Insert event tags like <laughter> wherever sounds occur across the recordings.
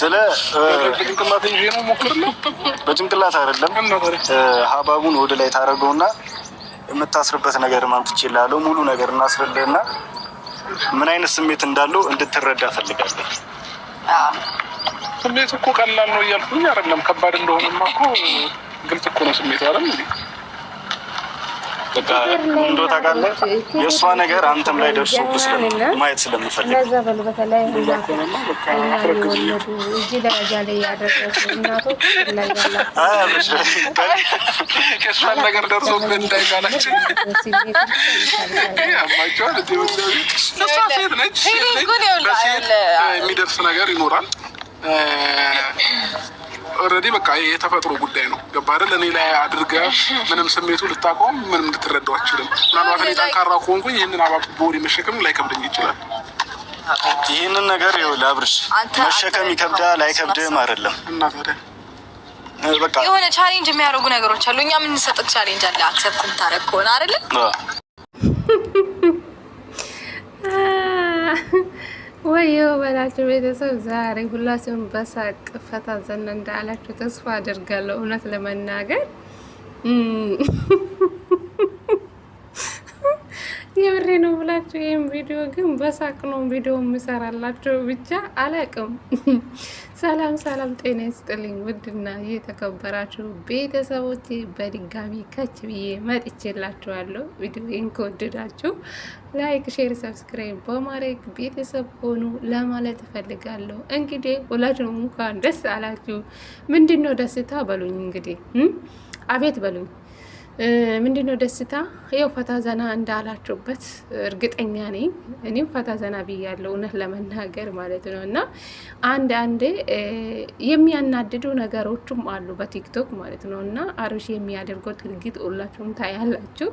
ስለ በጭንቅላት አይደለም፣ ሀባቡን ወደ ላይ ታደርገውና የምታስርበት ነገር ማምጥቼ ላለው ሙሉ ነገር እናስረዳና ምን አይነት ስሜት እንዳለው እንድትረዳ ፈልጋለሁ። ስሜት እኮ ቀላል ነው እያልኩኝ አይደለም። ከባድ እንደሆነማ እኮ ግልጽ እኮ ነው ስሜት አለም በቃ እንዶ ታውቃለህ፣ የእሷ ነገር አንተም ላይ ደርሶ ማየት ስለምፈልግ ነገር ደርሶ እንዳይቃላችሁ የሚደርስ ነገር ይኖራል። ኦልሬዲ በቃ የተፈጥሮ ጉዳይ ነው። ገባ አይደል? እኔ ላይ አድርገ ምንም ስሜቱ ልታቆም ምንም ልትረዳው አችልም። ምናልባት እኔ ጠንካራ ከሆንኩኝ ይህንን አባ ቦሪ መሸከም ላይከብደኝ ይችላል። ይህንን ነገር ይኸውልህ አብርሽ መሸከም ይከብዳል አይከብድህም አይደለም። በቃ የሆነ ቻሌንጅ የሚያደርጉ ነገሮች አሉ። እኛ የምንሰጥ ቻሌንጅ አለ። አክሰብት ምታደርግ ከሆነ አይደለም ወይ በላችሁ ቤተሰብ ዛሬ ሁላችሁም በሳቅ ፈታ ዘና እንዳላችሁ ተስፋ አድርጋለሁ። እውነት ለመናገር የምሬ ነው ብላችሁ ይህም ቪዲዮ ግን በሳቅ ነው ቪዲዮ የምሰራላችሁ። ብቻ አላቅም። <laughs> ሰላም ሰላም፣ ጤና ይስጥልኝ ውድና የተከበራችሁ ቤተሰቦች በድጋሚ ከች ብዬ መጥቼላችኋለሁ። ቪዲዮን ከወደዳችሁ ላይክ፣ ሼር፣ ሰብስክራይብ በማድረግ ቤተሰብ ሆኑ ለማለት እፈልጋለሁ። እንግዲህ ሁላችሁም እንኳን ደስ አላችሁ። ምንድን ነው ደስታ በሉኝ እንግዲህ አቤት በሉኝ ምንድነው ነው ደስታ ይኸው ፈታ ዘና እንዳላችሁበት እርግጠኛ ነኝ። እኔም ፈታ ዘና ብያለሁ እውነት ለመናገር ማለት ነው። እና አንድ አንዴ የሚያናድዱ ነገሮችም አሉ በቲክቶክ ማለት ነው። እና አብርሽ የሚያደርገው ድርጊት ሁላችሁም ታያላችሁ።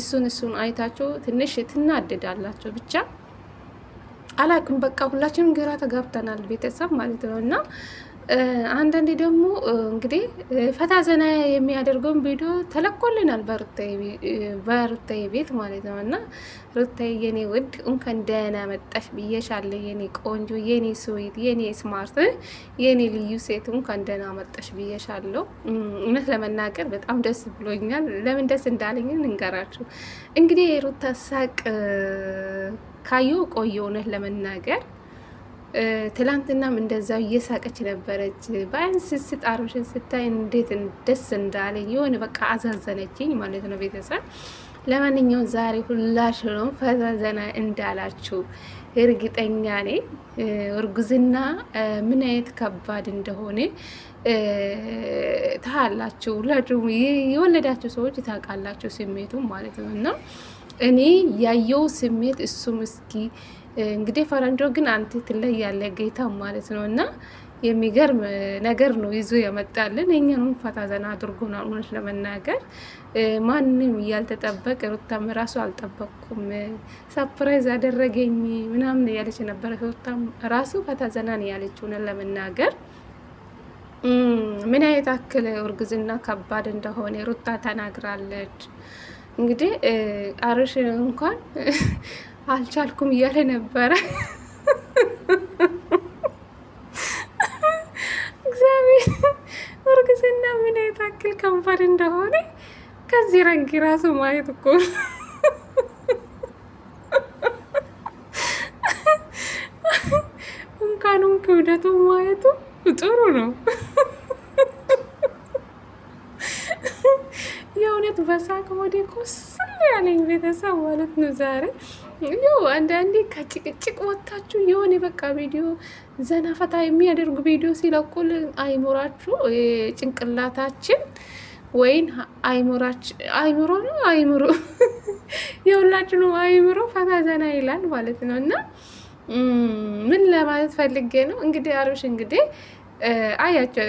እሱን እሱን አይታችሁ ትንሽ ትናደዳላችሁ። ብቻ አላቅም በቃ ሁላችንም ግራ ተጋብተናል ቤተሰብ ማለት ነው እና አንዳንዴ ደግሞ እንግዲህ ፈታ ዘና የሚያደርገውን ቪዲዮ ተለኮልናል በሩታዬ ቤት ማለት ነው። እና ሩታዬ የኔ ውድ እንኳን ደህና መጣሽ ብዬሻለሁ። የኔ ቆንጆ፣ የኔ ስዊት፣ የኔ ስማርት፣ የኔ ልዩ ሴት እንኳን ደህና መጣሽ ብዬሻለሁ። እውነት ለመናገር በጣም ደስ ብሎኛል። ለምን ደስ እንዳለኝ እንገራችሁ እንግዲህ የሩታ ሳቅ ካየሁ ቆየ እውነት ለመናገር ትላንትናም እንደዛው እየሳቀች ነበረች። በአይን ስስት አርምሽን ስታይ እንዴት ደስ እንዳለኝ የሆነ በቃ አዛዘነችኝ ማለት ነው። ቤተሰብ ለማንኛውም ዛሬ ሁላችሁም ፈዛዘና እንዳላችሁ እርግጠኛ ነኝ። እርጉዝና ምን አይነት ከባድ እንደሆነ ታላችሁ ሁላችሁ የወለዳችሁ ሰዎች ታውቃላችሁ፣ ስሜቱም ማለት ነው እና እኔ ያየው ስሜት እሱም እስኪ እንግዲህ ፈረንጆ ግን አንተ ትለያለህ ጌታ ማለት ነው እና የሚገርም ነገር ነው ይዞ የመጣልን እኛንም ፈታ ዘና አድርጎናል። እውነት ለመናገር ማንም እያልተጠበቅ ሩታም ራሱ አልጠበቅኩም ሰፕራይዝ አደረገኝ ምናምን እያለች ነበረ። ሩታም ራሱ ፈታ ዘና ነው ያለች። እውነት ለመናገር ምን አይነት አክል እርግዝና ከባድ እንደሆነ ሩታ ተናግራለች። እንግዲህ አርሽ እንኳን አልቻልኩም እያለ ነበረ። እግዚአብሔር እርግዝና ምን ያክል ከባድ እንደሆነ ከዚህ ረጊ ራሱ ማየት እኮ እንኳኑም ክብደቱ ማየቱ ጥሩ ነው። የእውነት በሳቅ ወደ ቁስል ያለኝ ቤተሰብ ማለት ነው ዛሬ ያው አንዳንዴ ከጭቅጭቅ ወጥታችሁ የሆነ በቃ ቪዲዮ ዘና ፈታ የሚያደርጉ ቪዲዮ ሲለቁል አይሞራችሁ ጭንቅላታችን ወይን አይምሮ ነው አይምሮ <laughs> የሁላችሁ ነው አይምሮ ፈታ ዘና ይላል ማለት ነው። እና ምን ለማለት ፈልጌ ነው እንግዲህ አብርሽ እንግዲህ አያቸው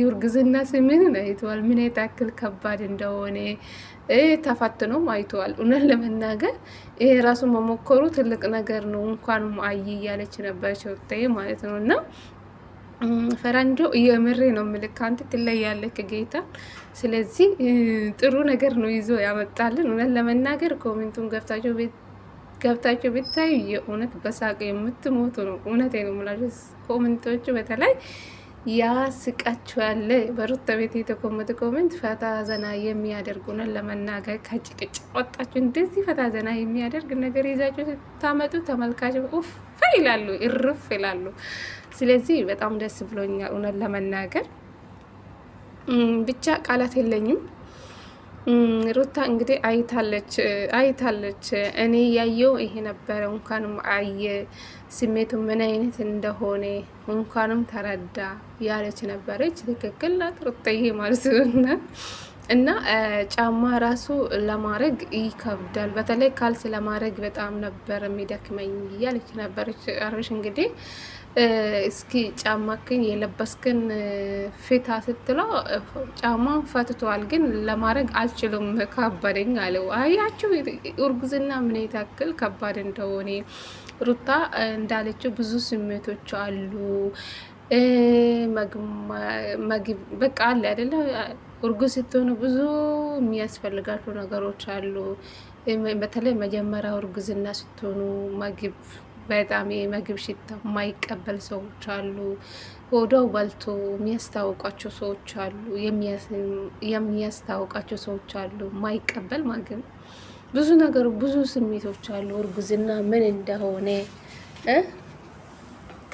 የእርግዝና ስሜትን አይተዋል፣ ምን ያክል ከባድ እንደሆነ ተፈትኖም አይተዋል። እውነት ለመናገር ይሄ ራሱ መሞከሩ ትልቅ ነገር ነው። እንኳን አይ እያለች ነበረች ወቅታዬ ማለት ነው እና ፈረንጆ የምሬ ነው ምልክ አንተ ትለያለህ ጌታ። ስለዚህ ጥሩ ነገር ነው ይዞ ያመጣልን። እውነት ለመናገር ኮሜንቱን ገብታችሁ ቤት ገብታችሁ ብታዩ የእውነት በሳቅ የምትሞቱ ነው። እውነት ነው የምላችሁ ኮሜንቶቹ በተለይ ያ ስቃችሁ ያለ በሩታ ቤት የተኮመተ ኮሜንት ፈታ ዘና የሚያደርጉ ነው ለመናገር ከጭቅጭቅ ወጣችሁ እንደዚህ ፈታ ዘና የሚያደርግ ነገር ይዛችሁ ስታመጡ ተመልካች ኡፍ ይላሉ፣ እርፍ ይላሉ። ስለዚህ በጣም ደስ ብሎኛል እውነት ለመናገር ብቻ ቃላት የለኝም። ሩታ እንግዲህ አይታለች አይታለች። እኔ ያየው ይሄ ነበረ። እንኳንም አየ ስሜቱ ምን አይነት እንደሆነ እንኳንም ተረዳ ያለች ነበረች። ትክክል ናት ሩታዬ ማለት ነውና እና ጫማ ራሱ ለማድረግ ይከብዳል። በተለይ ካልስ ለማድረግ በጣም ነበር የሚደክመኝ እያለች ነበረች። አብርሽ እንግዲህ እስኪ ጫማክን የለበስክን ፊታ ስትለው ጫማውን ፈትቷል፣ ግን ለማድረግ አልችልም ከባደኝ አለው። አያችሁ እርጉዝና ምን ያክል ከባድ እንደሆነ ሩታ እንዳለችው ብዙ ስሜቶች አሉ። ምግብ በቃ አለ አይደለ? እርጉዝ ስትሆኑ ብዙ የሚያስፈልጋቸው ነገሮች አሉ። በተለይ መጀመሪያ እርጉዝና ስትሆኑ ምግብ በጣም የምግብ ሽታ የማይቀበል ሰዎች አሉ። ሆዳው በልቶ የሚያስታውቃቸው ሰዎች አሉ። የሚያስታውቃቸው ሰዎች አሉ። የማይቀበል ማግን ብዙ ነገሩ ብዙ ስሜቶች አሉ። እርጉዝና ምን እንደሆነ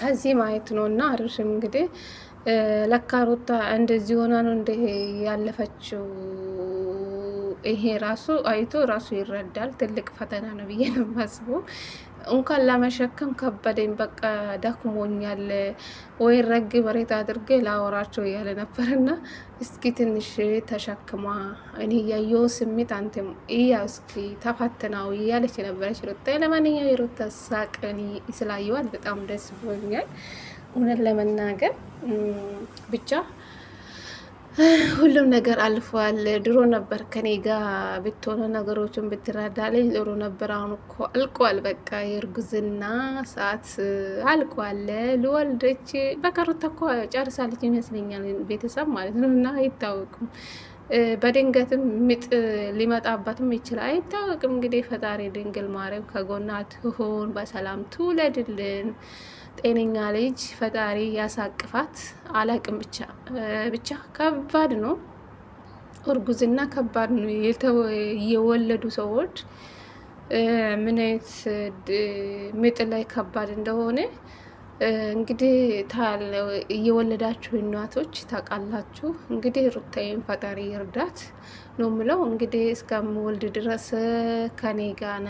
ከዚህ ማየት ነው እና አብርሽም እንግዲህ ለካ ሩታ እንደዚህ ሆና ነው እንደ ያለፈችው ይሄ ራሱ አይቶ ራሱ ይረዳል። ትልቅ ፈተና ነው ብዬ ነው የማስበው። እንኳን ለመሸከም ከበደኝ፣ በቃ ደክሞኛል፣ ወይ ረግ መሬት አድርጌ ላወራቸው እያለ ነበር። እና እስኪ ትንሽ ተሸክማ እኔ እያየሁ ስሜት አንተም እያ እስኪ ተፈትናው እያለች ነበረች ሩታ። ለማንኛው የሩታ ሳቅ እኔ ስላየዋት በጣም ደስ ብሎኛል እውነት ለመናገር ብቻ ሁሉም ነገር አልፏል። ድሮ ነበር ከኔ ጋር ብትሆነ ነገሮችን ብትረዳልኝ ጥሩ ነበር። አሁን እኮ አልቋል። በቃ የእርጉዝና ሰዓት አልቋል። ልወልደች በቀሩት እኮ ጨርሳለች ይመስለኛል፣ ቤተሰብ ማለት ነው። እና አይታወቅም፣ በድንገትም ምጥ ሊመጣባትም ይችላል፣ አይታወቅም። እንግዲህ ፈጣሪ ድንግል ማርያም ከጎና ትሆን፣ በሰላም ትውለድልን። ጤነኛ ልጅ ፈጣሪ ያሳቅፋት። አላቅም ብቻ ብቻ ከባድ ነው እርጉዝና ከባድ ነው። የወለዱ ሰዎች ምን አይነት ምጥ ላይ ከባድ እንደሆነ እንግዲህ እየወለዳችሁ እናቶች ታውቃላችሁ። እንግዲህ ሩታዬን ፈጣሪ ይርዳት ነው ምለው። እንግዲህ እስከምወልድ ድረስ ከኔ ጋር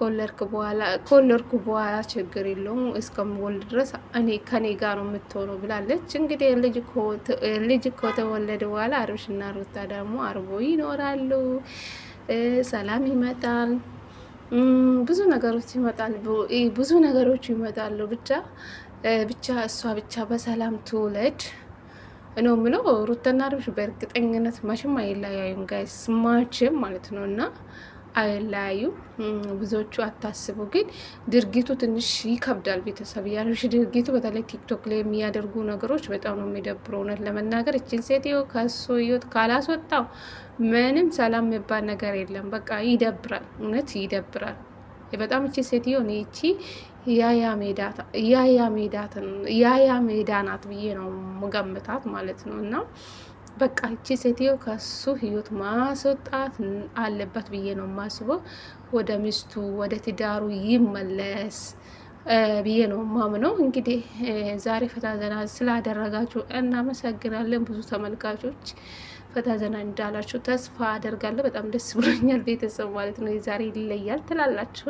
ከወለድክ በኋላ ከወለድኩ በኋላ ችግር የለውም እስከምወልድ ድረስ እኔ ከኔ ጋር ነው የምትሆነው ብላለች። እንግዲህ ልጅ ከተወለደ በኋላ አብርሽና ሩታ ደግሞ አርቦ ይኖራሉ። ሰላም ይመጣል፣ ብዙ ነገሮች ይመጣል፣ ብዙ ነገሮች ይመጣሉ። ብቻ ብቻ እሷ ብቻ በሰላም ትውለድ ነው ምለው። ሩተና አብርሽ በእርግጠኝነት መቼም አይለያዩም ጋይስ፣ መቼም ማለት ነው እና አይለያዩ። ብዙዎቹ አታስቡ፣ ግን ድርጊቱ ትንሽ ይከብዳል። ቤተሰብ ያልሽ ድርጊቱ በተለይ ቲክቶክ ላይ የሚያደርጉ ነገሮች በጣም ነው የሚደብሩ። እውነት ለመናገር እችን ሴትዮ ከሱ ህይወት ካላስወጣው ምንም ሰላም የሚባል ነገር የለም። በቃ ይደብራል፣ እውነት ይደብራል። በጣም እቺ ሴትዮ እኔ እቺ ያያ ሜዳ ናት ብዬ ነው ምገምታት ማለት ነው እና በቃ እቺ ሴትዮ ከሱ ህይወት ማስወጣት አለበት ብዬ ነው ማስበው። ወደ ሚስቱ ወደ ትዳሩ ይመለስ ብዬ ነው ማምነው። እንግዲህ ዛሬ ፈታዘና ስላደረጋችሁ እናመሰግናለን። ብዙ ተመልካቾች ፈታዘና እንዳላችሁ ተስፋ አደርጋለሁ። በጣም ደስ ብሎኛል። ቤተሰብ ማለት ነው ዛሬ ይለያል ትላላችሁ።